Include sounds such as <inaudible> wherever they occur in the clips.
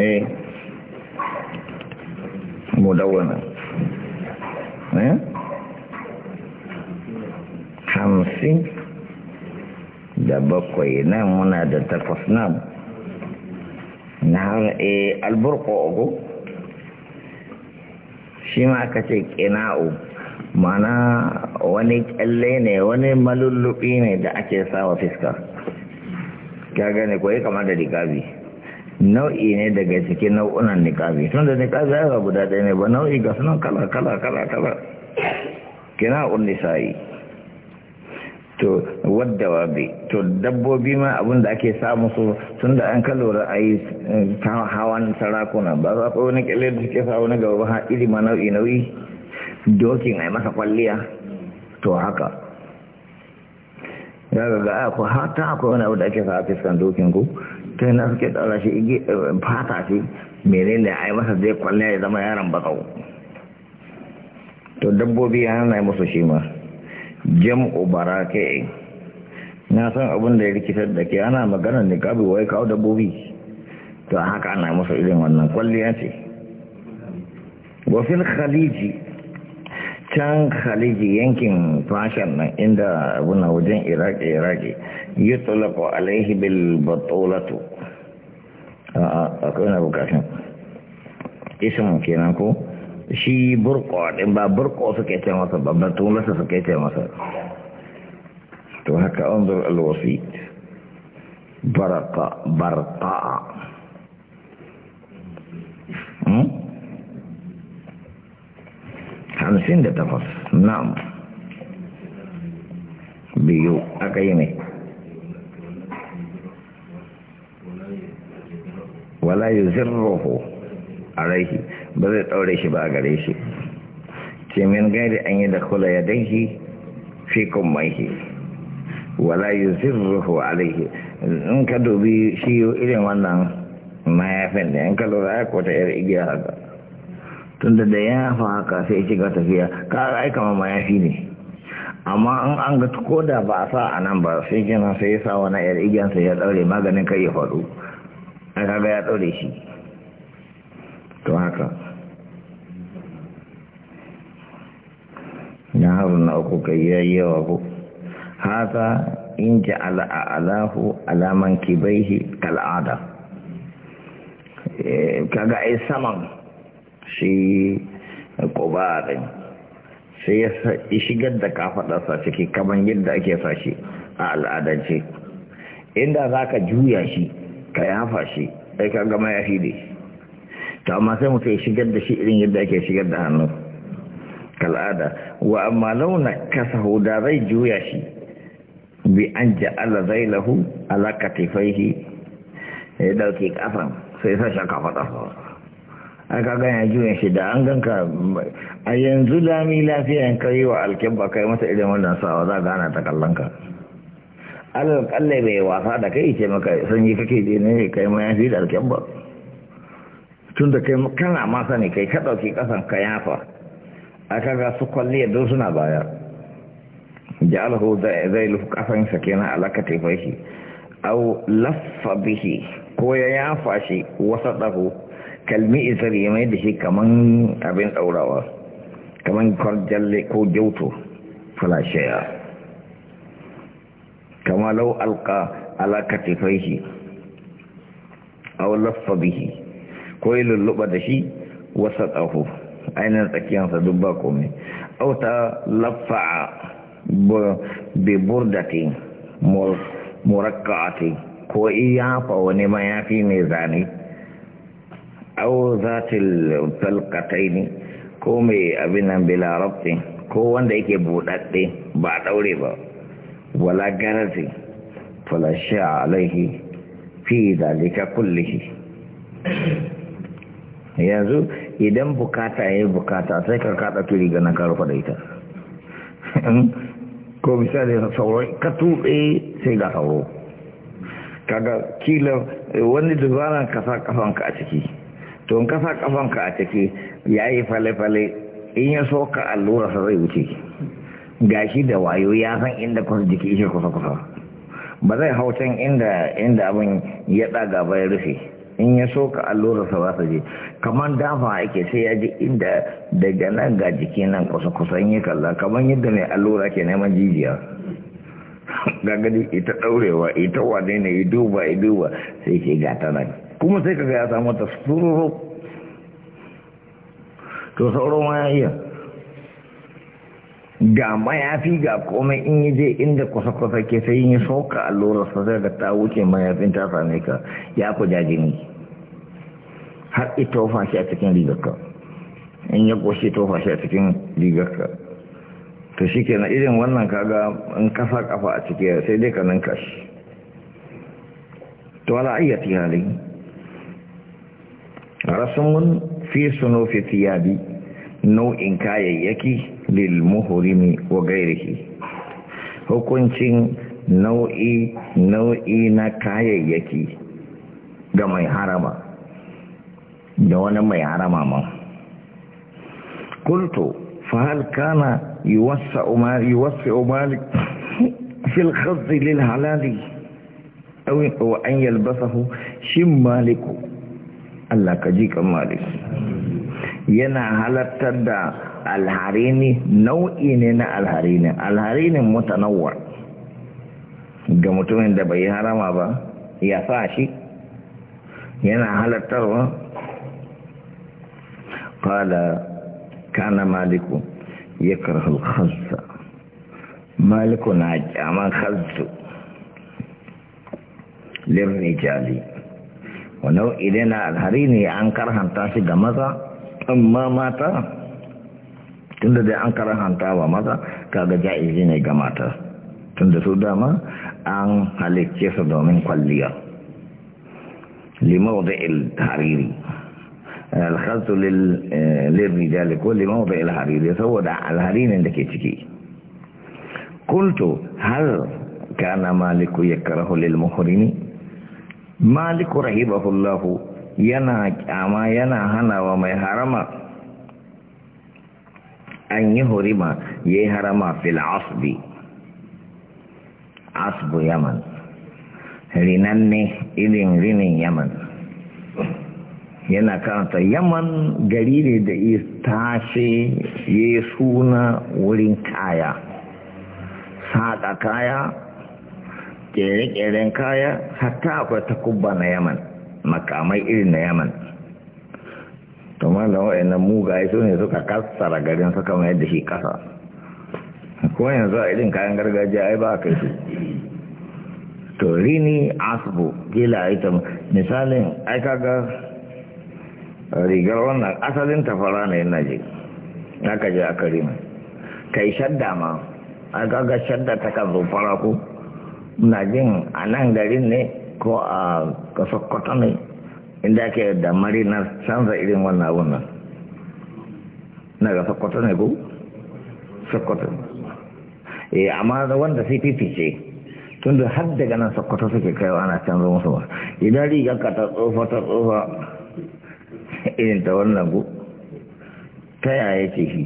eh mudawwana eh hamsin da bakwai nan muna da takwas nan na e, alburko uku shi ma aka ce ƙina'u mana wani kyalle ne wani malullubi ne da ake sawa fiska ka gane ko yi kama da rigabi nau'i ne daga cikin nau'unan niƙabi tun da niƙabi ya guda ɗaya ne ba nau'i ga sunan kala kala kala kala kina sa'i to wadda bi to dabbobi ma abin da ake samu su tun da an kalora a yi eh, hawan sarakuna ba za ku wani kyalle da suke sa wani gaba ha iri ma nau'i nau'i dokin a yi masa kwalliya to haka ya ga ga akwai hata akwai wani abu da ake sa a fiskan dokin ku ta na suke ɗaura shi fata ce menene a yi masa zai kwalle ya zama yaron bakau to dabbobi ya hana musu shi ma jam'u barake na san abin da ya rikitar da ke ana maganar ne kabi wai kawo dabbobi to haka ah, ana musu irin wannan kwalliya ce wafin khaliji can khaliji yankin fashan nan inda abuna wajen iraki iraki yi tsulako alaihi bil batolatu akwai na bukatun ismin kenan ko shi burko din ba burko suke ce masa babban tulasa suke ce masa to haka zuru alwasi barqa barqa hmm? da 58 na'am biyu aka yi mai wala a raihi ba zai daure shi ba gare shi ce min gari an yi da kula ya danki fi maihi wala a raihi in ka dubi shi irin wannan mayafin da in ka lura ya kota yar igiya haka tun da ya fa haka sai shiga tafiya ka aika ma mayafi ne amma in an ga ko da ba a sa a nan ba sai gina sai ya sa wani yar igiyansa ya daure maganin kai ya faɗo an kaga ya ɗaure shi to haka na haru na uku kai ya yi yawa ku haka in ji ala'alahu alaman kibaihi kal'ada eh, kaga ai saman shi ƙobarin sai ya shigar da kafaɗarsa ciki kamar yadda ake sashi a al'adance inda za ka juya shi ka yafa shi sai ka gama ya fi da ta amma sai mutu ya shigar da shi irin yadda ake shigar da hannu kal'ada wa amma launa kasahu da zai juya shi bi an ja'ala zailahu ala katifaihi ya dauke kafan sai sa shaka faɗa ka ganya juyin shi da an ganka a yanzu lami lafiya ya kai wa Alkebba kai masa irin wannan sawa za gana ta kallon ka alal kalle bai wasa da kai ce maka sanyi kake je ne kai ma yafi da alken ba tun da kai kana ma sani kai ka dauki kasan ka yafa aka ga su kwalle don suna baya zai zailu kasan sa kenan alaka tafai shi aw laffa bihi ko ya yafa shi wasadahu kalmi isar ya mai da shi kaman abin daurawa kaman kwarjalle ko jauto shaya. kama lau alka ala katifaihi aw laffa bihi ko ya lulluɓa da shi wasa tsaho ainihin tsakiyansa duk ba komai aw ta laffa bi burdatin murakka'atin ko iya fa wani mayafi mai zane aw zatil ne ko mai abin nan ko wanda yake buɗaɗɗe ba ɗaure ba wala garazi fala sha alaihi fi zalika kullihi yanzu idan bukata ya yi bukata sai ka kada turi ganin ka rufa da ita ko misali sauran ka tuɓe sai ga sauro kaga kila wani dubaran kasa sa kafanka a ciki to kasa ka kafanka a ciki ya yi fale-fale in ya so ka allura sa zai wuce gashi da wayo ya san inda kwan jiki ishe kusa kusa ba zai hau can inda inda abin ya daga ba ya rufe in ya so ka allura sa ba su je kamar dafa ake sai ya ji inda daga nan ga jiki nan kusa kusa in ya kalla kamar yadda mai allura ke neman jijiya gagadi ita daurewa ita wane ne ya duba ya duba sai ke gata nan kuma sai ka ga ya samu ta sururu to sauro ma ya iya ga mayafi ga komai in yi je inda kusa kusa ke sai yin soka lura sosai da ta wuce mayafin ta same ka ya ku ne har ita tofa shi a cikin rigarka in ya ƙoshi tofa shi a cikin rigarka to shi ke na irin wannan kaga in kafa kafa a ciki sai dai ka ninka shi to ala ayyati hali mun fi fi tiyabi nau'in kayayyaki lil muhrimi wa gairihi hukuncin nau'i nau'i na kayayyaki ga mai harama da wani mai harama ma kultu fa hal kana yuwassa umar yuwassa umar fil khazz lil halali aw an yalbasahu shim maliku Allah ka ji kan malik yana halattar da alharini nau'i ne na alharinin alharinin mutanawwa ga mutumin da bai harama ba ya sa shi yana halattarwa kala kana maliku ya karhul khalsa maliku na kyaman khazzu lirrijali wa nau'i ne na alharini an karhanta shi ga maza amma mata tunda dai an karanta wa maza kaga ja'izi ne ga mata tunda su dama an halicce su domin kwalliya limau da hariri alhazu lirrijali eh, ko limau da hariri saboda ne da ke ciki kultu har kana maliku ya karahu lilmuhurini maliku rahibahullahu yana kyama yana hana wa mai harama an yi horima ya yi harama fil asbi asbu yaman Rinan ne, irin rinin yaman yana karanta yaman gari ne da ya tashi ya suna wurin kaya saƙa kaya ƙere-ƙeren kaya hatta akwai takubba na yaman makamai irin na yaman to malam wa'annan mugaye su ne suka kassara garin suka mayar da shi kasa ko yanzu a irin kayan gargajiya ai ba a kai su to rini asibu gila ita misalin ai kaga rigar wannan asalin tafara ne yana je aka je aka ka kai shadda ma ai kaga shadda ta kan zo fara na jin a nan garin ne ko a kasar kwata inda ake da marinar canza irin wannan abun nan na ga sakwato ne ku? sakwato eh amma wanda cpp ce tun da har daga nan sakwato suke wa ana canza musu ba idan riga ka ta tsofa ta tsofa irin ta wannan ku ta yaya ce shi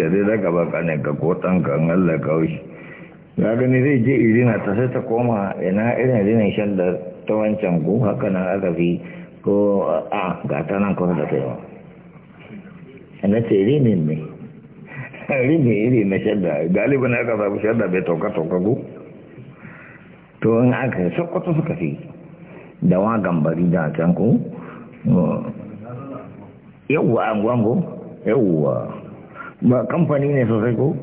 da zai zaka ba kane ka ko ɗanka an Allah kawai ya gani zai je irina ta sai ta koma ina irin shan da ta wancan ko haka nan aka fi ko a ga ta nan kuma da kaiwa na ce rinin ne <laughs> rini iri na shadda na aka samu shadda bai tauka-tauka go to in aka sokoto suka fi da wa gambari da can ku yawwa an gwango yawwa ba kamfani ne sosai ko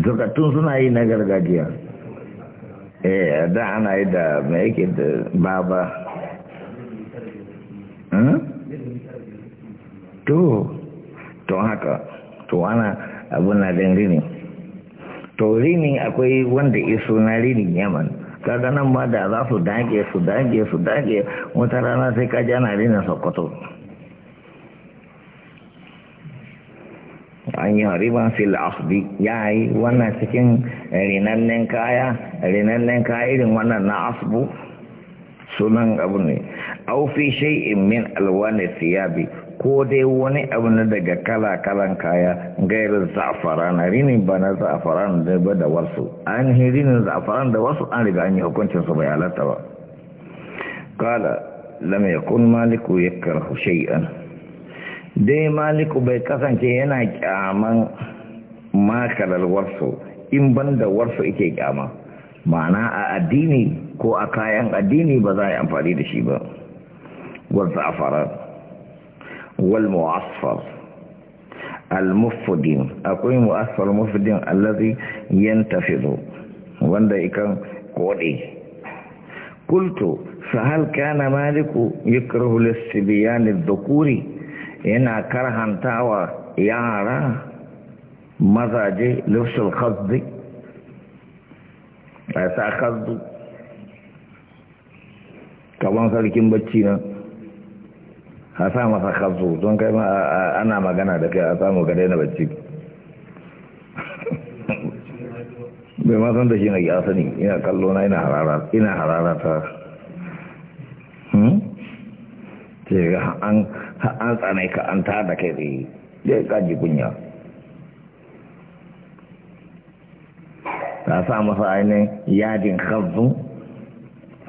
zukattun suna yi na gargajiya eh da ana yi da mai yake da baba hmm? to to haka to ana abu na din rini to rini akwai wanda iso na rini yaman kaga nan ma da za su dage su dage su dage wata rana sai ka ana rinin sokoto an yi riba fil asbi ya yi wannan cikin rinannen kaya rinannen kaya irin wannan na asbu sunan abu ne au fi in min alwani siyabi ko dai wani abu na daga kala-kalan kaya gairin za'afaran rinin ba na za'afaran da ba da wasu an yi rinin za'afaran da wasu an riga an yi hukuncin su bai halatta ba kala lam yakun maliku karhu shay'an dai maliku bai kasance yana kyaman makalar warso in banda warso ike kyama ma'ana a addini ko a kayan addini ba za a yi amfani da shi ba warsa a farar wal mu'asfar al-mufudin akwai mu'asfar mufudin allazi tafizo wanda ikan kode kulto fa hal kana maliku yakrahu lis-sibyan adh yana karhantawa yara mazaje lufsul khazdi a sa khazdu kaban sarkin bacci na a sa masa khazdu don kai ma ana magana da kai a samu ga daina bacci <laughs> bai ma san da shi na ya sani ina kallo na ina harara ina harara ta ce hmm? an an tsanai ka an ta da kai tsaye eh, zai kaji kunya ta sa masa ainihin yadin khazu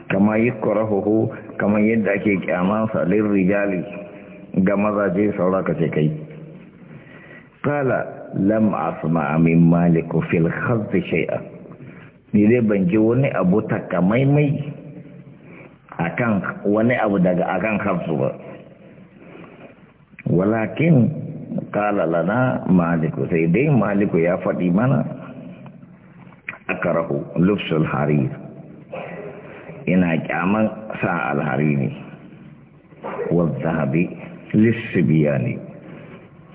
kama yi kurahuhu kama yadda ake salin rijali ga mazaje sauraka ce kai kala lam asma min maliku fil khazi shai'a ni dai ban ji wani abu takamaimai akan wani abu daga akan khazu ba ولكن قال لنا مالك سيدي مالك يا فاطمة أكره لبس الحرير إن كاما ساعة الحرير والذهب للسبيان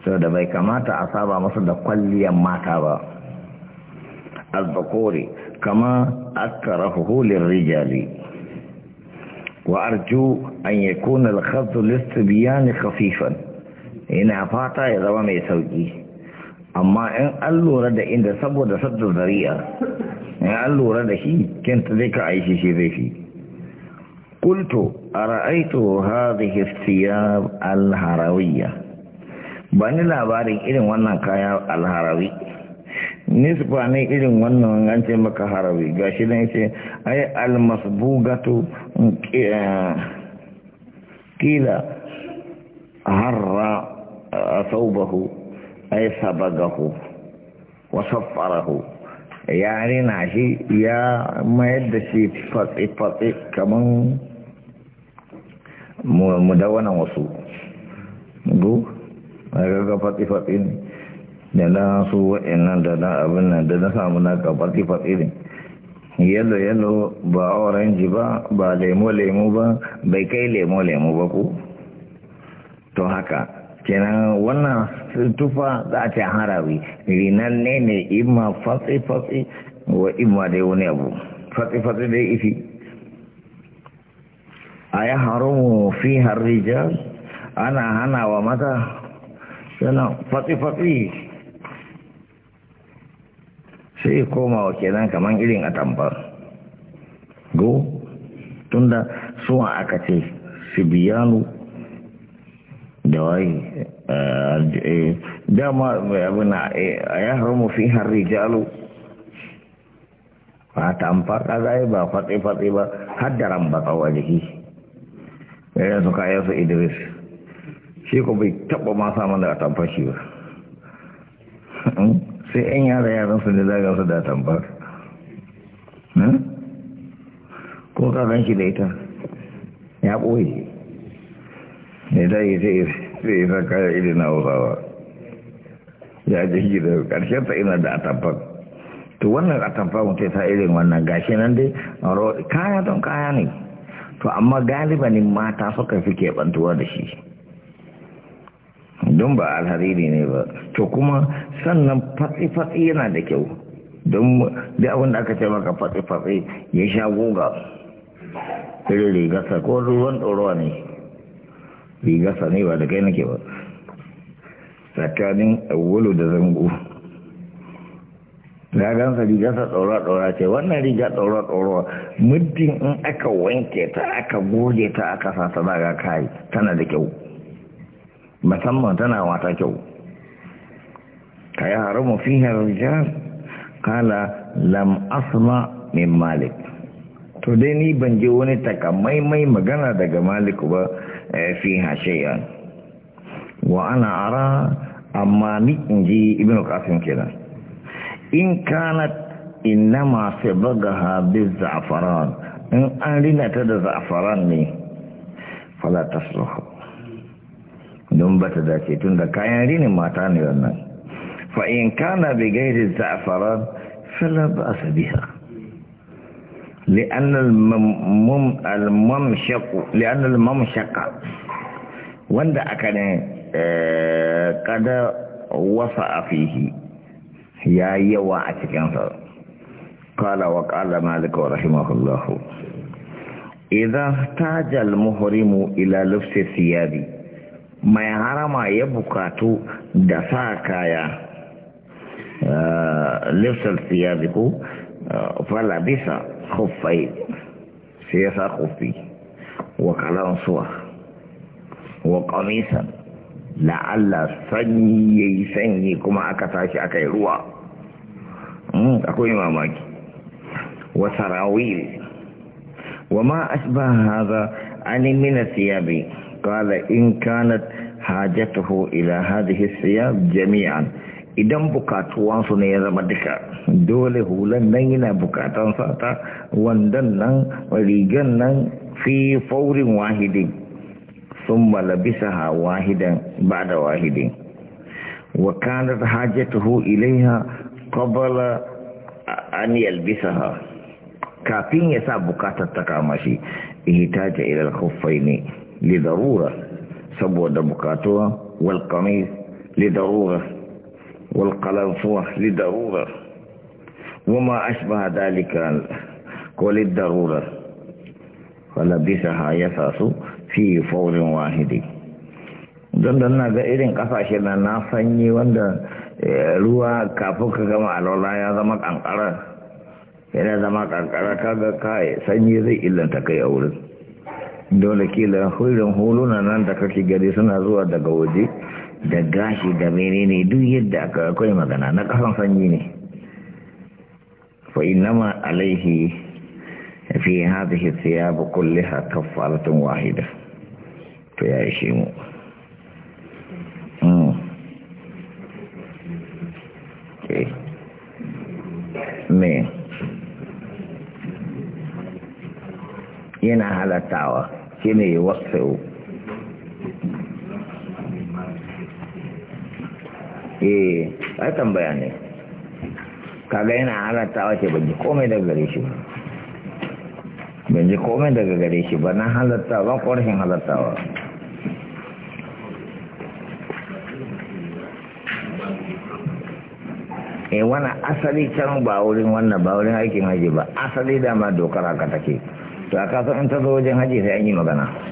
saboda bai kamata a saba masa da kwalliyar mata ba al-zakuri kama akrahu lirijali wa arju an yakuna al-khadhu lis-sibyan khafifan ina fata ya zama mai sauki amma in an lura da inda saboda saddar zari'a in an lura da shi kinta zai ka aishi shi zai fi kulto a ra'aito hadhihi thiyab al ba ni labarin irin wannan kaya al nisba ne irin wannan wangance maka harawi shi ne ce ai al-masbugatu eh, kila harra ثوبه أي سبقه وصفره ya ناشي shi ya mayar da shi كمان fatsi kamar نقول wasu bu ga fatsi-fatsi ne da na su wa'annan da na abin nan da na samu na ka fatsi ne yalo-yalo ba orange ba ba ba kai lemo ba ku to haka kenan wannan tufa za a ce harawi rinan ne ne imma fatsi-fatsi wa imma dai wani abu fatsi-fatsi dai ifi a ya haramu fi harrijar ana hana wa mata yana fatsi-fatsi sai koma wa kenan kamar irin a tambar go tunda suwa aka ce biyanu. da waye dama abuna a ya haramu fi har rijalu fatan faɗa zai ba fatsi-fatsi ba haddaran ba tsawo a jiki ɗaya su kayan su idris shi ko bai taɓa ma samun a atamfar shi ba sai yan yara yaran su ne zagar su da atamfar ko kagan shi da ita ya ɓoye ne da yi zai yi sa kaya iri na ya ji shi da ƙarshen ta ina da atamfa to wannan atamfa mutu ta irin wannan gashi nan dai kaya don kaya ne to amma ne mata suka fi keɓantuwa da shi don ba alhariri ne ba to kuma sannan fatsi-fatsi yana da kyau don da abin da aka ce maka fatsi-fatsi ya sha goga irin rigarsa ko ruwan ɗorowa ne rigarsa ne ba da kai nake ba tsakanin awwalu da zango na gansa rigarsa ɗaura-ɗaura ce wannan riga ɗaura-ɗaura muddin in aka wanke ta aka goge ta aka sata daga kai tana da kyau musamman tana wata kyau ka yi haramu fi kala lam asma min malik to dai ni ban je wani takamaimai magana daga maliku ba Eh, fiha shay'an wa ana ara amma ni inji ibnu qasim kenan in kanat innama sabagaha biz'afaran in an rina ta da za'faran ne fala tasruhu don ba ta dace tun da kayan rinin mata ne wannan fa in kana bi gairi za'faran fala ba'sa biha لأن المم الممشق لأن الممشق وند أكن آه، قد وصع فيه يا يوا أتكنصر قال وقال مالك رحمه الله إذا احتاج المحرم إلى لبس الثياب ما يحرم يبكاتو دفاكايا آه، لبس الثياب فلبس خفين سيسا خفي وقلنصوة وقميصا لعل سنيي سنيي كما أكتاشي أكيروا أقول إماماك وسراويل وما أشبه هذا أن من الثياب قال إن كانت حاجته إلى هذه الثياب جميعاً idan bukatuwansu ne ya zama duka dole hulan nan yana bukatan sata wandan nan rigan nan fi faurin wahidin sun malabisa ha wahidan ba da wahidin wakanar hajjatuhu ilaiha kabala an yalbisa ha kafin ya sa bukatar ta kama shi ihita ta ilar kufai ne lidarura saboda bukatuwa walkamis lidarura والقلنفوة لضرورة وما أشبه ذلك وللضرورة فلبسها يساس في فور واحد don na ga irin kasashe na na sanyi wanda ruwa kafin ka gama alola ya zama kankara yana zama kankara kaga kai sanyi zai illanta kai a wurin dole kila hulun huluna nan da kake gari suna zuwa daga waje da gashi da menene duk yadda aka akwai magana na kasan sanyi ne fa innama alaihi fi hadhihi thiyab kullaha kaffaratun wahida to ya ishe mu hmm. eh. me yana halattawa shine wasu. eh ai tambaya ne kaga yana halatta wace ban ji komai daga gare shi ba ban ji komai daga gare shi ba na halatta ba ko rashin ba eh wani asali can ba wurin wannan ba wurin aikin haji ba asali dama dokar haka take to a kasan in ta zo wajen haji sai an yi magana